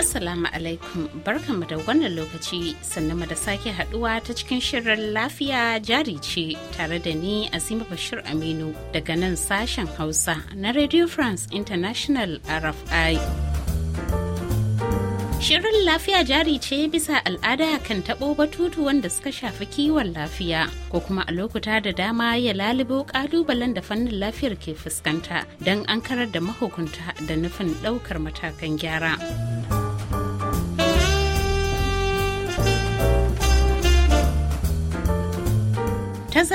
Assalamu alaikum barkanmu da wannan lokaci sannan da sake haduwa ta cikin shirin lafiya jari ce tare da ni Azima Bashir Aminu daga nan sashen Hausa na Radio France International RFI. Shirin lafiya jari ce bisa al'ada kan taɓo batutu wanda suka shafi kiwon lafiya ko kuma a lokuta da dama ya lalubo ƙalubalen da fannin lafiyar ke fuskanta don an karar da mahukunta da nufin ɗaukar matakan gyara. ¡Es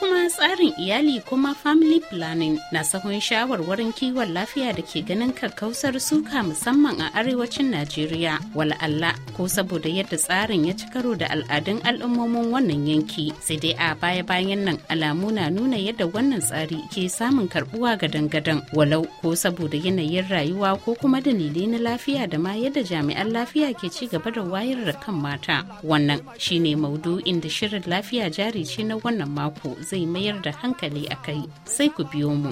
kuma tsarin iyali kuma family planning na sahun shawarwarin kiwon lafiya da ke ganin kakkausar suka musamman a arewacin najeriya wala'alla ko saboda yadda tsarin ya ci karo da al'adun al'ummomin wannan yanki sai dai a baya bayan nan alamu na nuna yadda wannan tsari ke samun karbuwa ga dangadan walau ko saboda yanayin rayuwa ko kuma dalilai na lafiya da ma yadda jami'an lafiya ke ci gaba da wayar da kan mata wannan shine maudu'in da shirin lafiya jari ce na wannan mako zai mayar da hankali a kai sai ku biyo mu.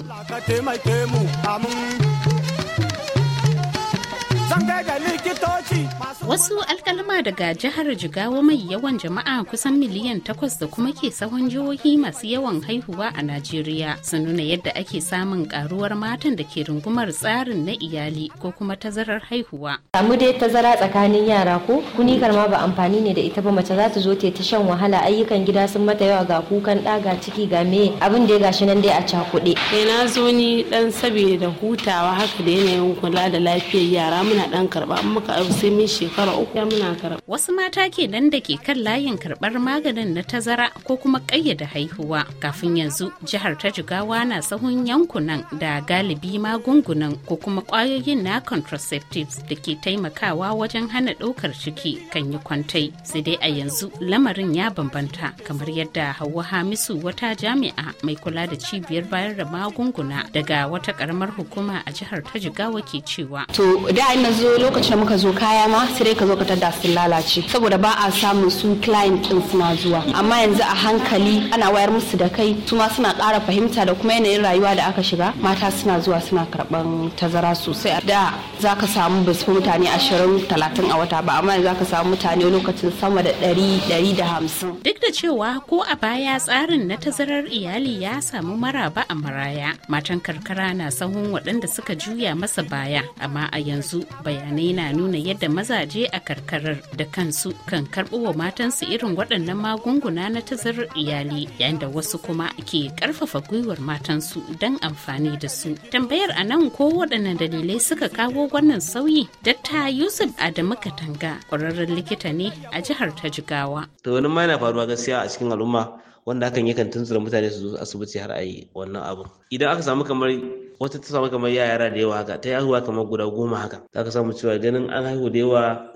Zan likitoci Wasu alkalama daga jihar Jigawa mai yawan jama'a kusan miliyan takwas da kuma ke sahun jihohi masu yawan haihuwa a Najeriya sun nuna yadda ake samun karuwar matan da ke rungumar tsarin na iyali ko kuma tazarar haihuwa. Samu dai tazara tsakanin yara ko kuni karma ba amfani ne da ita ba mace za ta zo ta shan wahala ayyukan gida sun mata yawa ga kukan ɗa ga ciki ga me abin da ya gashi nan dai a cakuɗe. Eh na zo ni dan saboda hutawa haka da yanayin kula da lafiyar yara muna dan karba muka sai mun shekara uku ya muna karɓa. Wasu mata ke nan da ke kan layin karɓar maganin na tazara ko kuma ƙayyada haihuwa. Kafin yanzu jihar ta jigawa na sahun yankunan da galibi magungunan ko kuma ƙwayoyin na contraceptives da ke taimakawa wajen hana ɗaukar ciki kan yi kwantai. Sai dai a yanzu lamarin ya bambanta kamar yadda Hauwa Hamisu wata jami'a mai kula da cibiyar bayar da magunguna daga wata ƙaramar hukuma a jihar ta jigawa ke cewa. To da na zo lokacin muka zo kaya ma sai dai ka zo ka tada su lalace saboda ba a samun su client din suna zuwa amma yanzu a hankali ana wayar musu da kai su ma suna kara fahimta da kuma yanayin rayuwa da aka shiga mata suna zuwa suna karɓan tazara sosai da za ka samu ba su mutane ashirin talatin a wata ba amma za ka samu mutane lokacin sama da ɗari ɗari da hamsin. Duk da cewa ko a baya tsarin na tazarar iyali ya samu maraba a maraya matan karkara na sahun waɗanda suka juya masa baya amma a yanzu bayanai na nuna yadda maza mazaje a karkarar da kansu kan karɓo wa matansu irin waɗannan magunguna na tazarar iyali yayin da wasu kuma ke ƙarfafa gwiwar matansu don amfani da su. Tambayar a nan ko waɗannan dalilai suka kawo wannan sauyi? Dakta Yusuf Adamu Katanga ƙwararren likita ne a jihar ta Jigawa. To wani ma yana faruwa gaskiya a cikin al'umma wanda hakan yakan tunzura mutane su zo asibiti har a yi wannan abu. Idan aka samu kamar wata ta samu kamar yara da yawa haka ta yahuwa kamar guda goma haka za ka samu cewa ganin an haihu da yawa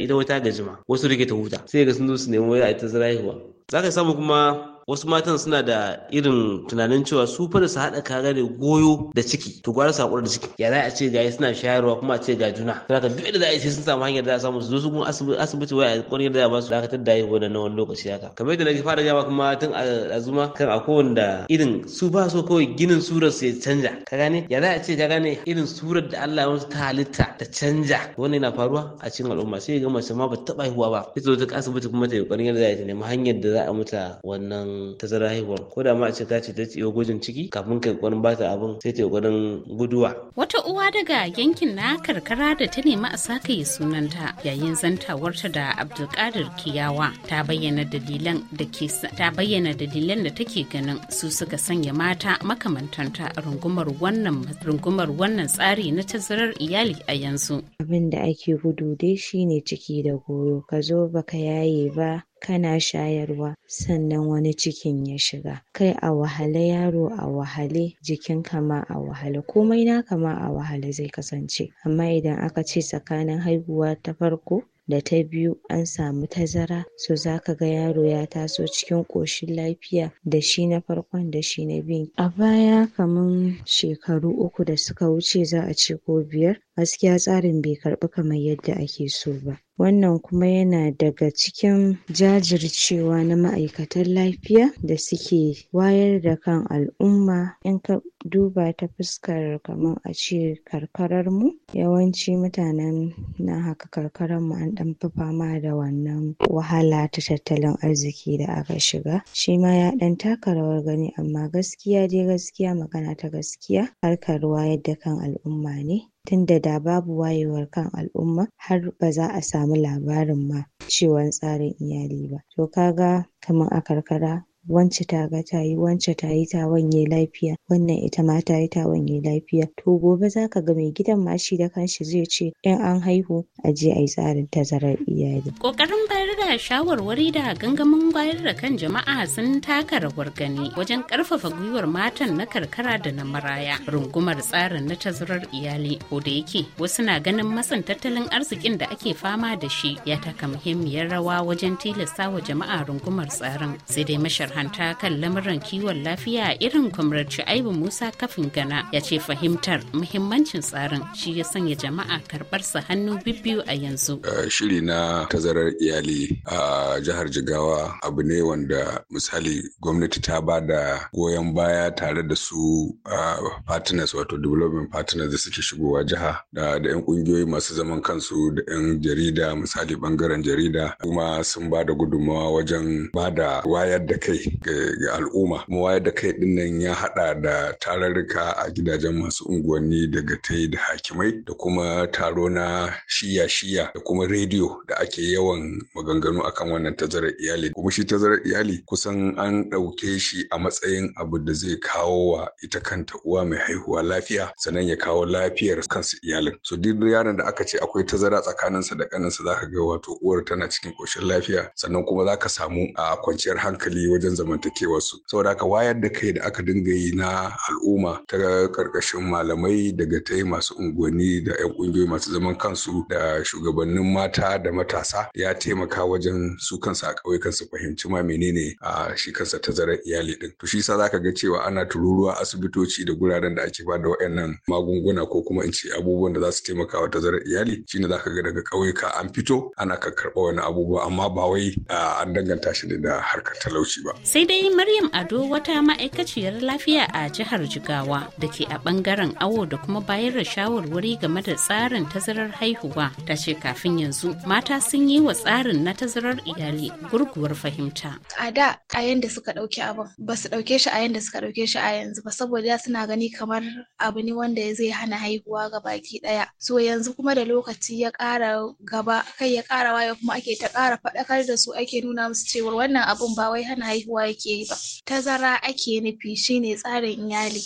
ita wata gajima wasu rike ta huta sai ga sun zo su nemi waya a ita zira haihuwa za ka samu kuma wasu matan suna da irin tunanin cewa su fa da su haɗa kaga da goyo da ciki to gwara sakura da ciki ya za a ce gayi suna shayarwa kuma a ce ga juna to haka duk da za a yi sai sun samu hanyar da za a samu su zo su kuma asibiti waya kwani da ba su dakatar da haihuwa na wani lokaci haka kamar yadda nake fara gama kuma tun azuma kan a da irin su ba so kawai ginin surar su ya canja ka gane ya za a ce ka gane irin surar da Allah ya ta halitta ta canja wannan yana faruwa a cikin al'umma sai ga mace ma ba ta haihuwa ba sai ta asibiti kuma ta yi kwanin da za a nemi hanyar da za a mata wannan tazara haihuwar ko da ma ce ta ce ta ciyo gwajin ciki kafin kai kwarin ba ta abin sai ta kwarin guduwa. Wata uwa daga yankin na karkara da ta nemi a yi sunanta yayin zantawarta da Abdulkadir Kiyawa ta bayyana dalilan da ke ta bayyana dalilan da take ganin su suka sanya mata makamantanta rungumar wannan rungumar wannan tsari na tazarar iyali a yanzu. Abin da ake gudu dai shine ciki da goyo ka zo baka yaye ba kana shayarwa sannan wani cikin ya shiga kai a wahale yaro a wahale jikin kama a wahale komai na kama a wahale zai kasance amma idan aka ce tsakanin haihuwa ta farko da ta biyu an samu tazara so za ka ga yaro ya taso cikin ƙoshin lafiya da shi na farkon da shi na biyun a baya kaman shekaru uku da suka wuce za a ce ko biyar gaskiya tsarin bai karbi kamar yadda ake so ba wannan kuma yana daga cikin jajircewa na ma'aikatan lafiya da suke wayar da kan al'umma in ka duba ta fuskar kamar a ce karkarar mu yawanci mutanen na haka karkarar mu an ɗan fi fama da wannan wahala ta tattalin arziki da aka shiga shi ma ya ɗan taka rawar gani amma gaskiya dai gaskiya magana ta gaskiya harkar wayar da kan al'umma ne tunda da babu wayewar kan al'umma har ba za a samu labarin ma cewan tsarin iyali ba to kaga kaman a karkara wance ta ga ta yi wance ta yi lafiya wannan ita ma ta yi lafiya to gobe za ka ga mai gidan ma shi da kanshi zai ce in an haihu a je a yi tsarin tazarar iyali. ƙoƙarin bayar haka shawarwari da gangamin wayar da kan jama'a sun taka rawar gani wajen karfafa gwiwar matan na karkara da na maraya rungumar tsarin na tazarar iyali ko da yake wasu na ganin matsin tattalin arzikin da ake fama da shi ya taka muhimmiyar rawa wajen tilasta wa jama'a rungumar tsarin sai dai masharhanta kan lamuran kiwon lafiya irin kwamrarci aibu musa kafin gana ya ce fahimtar muhimmancin tsarin shi ya sanya jama'a karɓar sa hannu bibbiyu a yanzu shiri na tazarar iyali a jihar Jigawa abu ne wanda misali gwamnati ta ba da goyon baya tare da su partners wato development partners da suke shigowa jiha da 'yan kungiyoyi masu zaman kansu da 'yan jarida misali bangaren jarida kuma sun ba da gudummawa wajen ba da wayar da kai ga al'umma kuma wayar da kai dinnan ya hada da tararruka a gidajen masu unguwanni daga tai da hakimai da kuma taro na shiya-shiya da kuma rediyo da ake yawan maganganu maganganu akan wannan tazarar iyali kuma shi tazarar iyali kusan an ɗauke shi a matsayin abu da zai kawo wa ita kanta uwa mai haihuwa lafiya sannan ya kawo lafiyar kansu iyalin so duk yaron da aka ce akwai tazara tsakaninsa da kaninsa ka ga wato uwar tana cikin koshin lafiya sannan kuma za ka samu a kwanciyar hankali wajen zamantakewar su saboda haka wayar da kai da aka dinga yi na al'umma ta karkashin malamai daga yi masu unguwanni da 'yan kungiyoyi masu zaman kansu da shugabannin mata da matasa ya taimaka wajen wajen su kansa a ƙauye su fahimci ma menene a shi kansa tazarar iyali din to shi yasa zaka ga cewa ana tururuwa asibitoci da guraren da ake ba da waɗannan magunguna ko kuma in ce abubuwan da za su taimaka wa tazarar iyali shine zaka ga daga ƙauyuka an fito ana karɓa wani abubuwa amma ba wai an danganta shi da harkar talauci ba sai dai Maryam Ado wata ma'aikaciyar lafiya a jihar Jigawa da ke a bangaren awo da kuma bayar da shawarwari game da tsarin tazarar haihuwa ta ce kafin yanzu mata sun yi wa tsarin na tazarar tazarar iyali gurguwar fahimta. A da a yanda suka ɗauki abin ba su ɗauke shi a yanda suka ɗauke shi a yanzu ba saboda suna gani kamar abu ne wanda zai hana haihuwa ga baki ɗaya. So yanzu kuma da lokaci ya ƙara gaba kai ya ƙara waya kuma ake ta ƙara faɗakar da su ake nuna musu cewa wannan abun ba wai hana haihuwa yake yi ba. Tazara ake nufi shine tsarin iyali.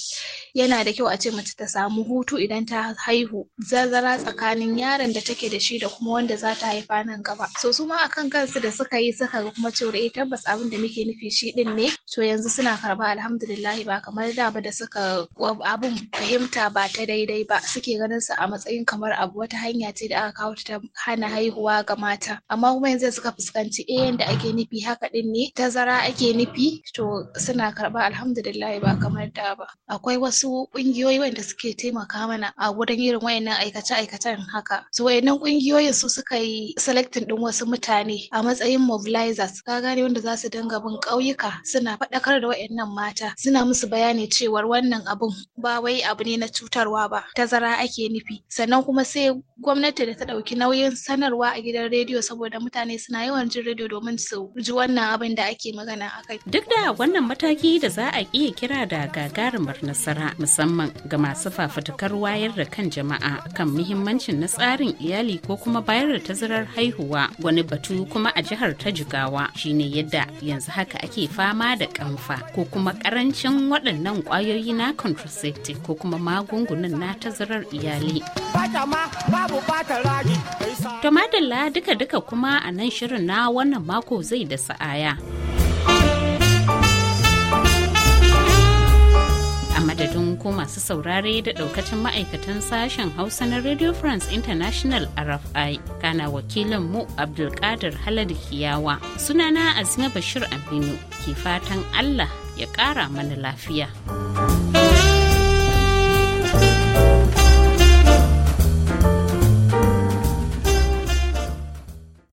yana da kyau a ce mace ta samu hutu idan ta haihu zazara tsakanin yaron da take da shi da kuma wanda za ta haifa nan gaba so su ma akan kan kansu da suka yi suka ga kuma cewa eh tabbas abin da muke nufi shi din ne to yanzu suna karba alhamdulillah ba kamar da ba da suka abin fahimta ba ta daidai ba suke ganin su a matsayin kamar abu wata hanya ce da aka kawo ta hana haihuwa ga mata amma kuma yanzu suka fuskanci eh yanda ake nufi haka din ne tazara ake nufi to suna karba alhamdulillah ba kamar da ba akwai wasu ƙungiyoyi wanda suke taimaka mana a wurin irin wayannan aikace-aikacen haka so wayannan kungiyoyin su suka yi selecting din wasu mutane a matsayin mobilizers ka gane wanda za su dinga bin ƙauyuka suna faɗakar da waɗannan mata suna musu bayani cewar wannan abun ba wai abu ne na cutarwa ba tazara ake nufi sannan kuma sai gwamnati da ta ɗauki nauyin sanarwa a gidan rediyo saboda mutane suna yawan jin rediyo domin su ji wannan abin da ake magana a kai. Duk da wannan mataki da za a iya kira da gagarumar nasara musamman ga masu fafutukar wayar da kan jama'a kan muhimmancin na tsarin iyali ko kuma bayar da tazarar haihuwa wani batu kuma a jihar ta Jigawa shine yadda yanzu haka ake fama da kamfa ko kuma karancin waɗannan kwayoyi na contraceptive ko kuma magungunan na tazarar iyali. To duka-duka kuma a nan shirin na wannan mako zai da sa'aya. adadin ko masu saurare da daukacin ma'aikatan sashen hausa na radio france international rfi kana wakilin mu abdulkadir haladu kiyawa sunana azina bashir aminu ke fatan allah ya kara mana lafiya.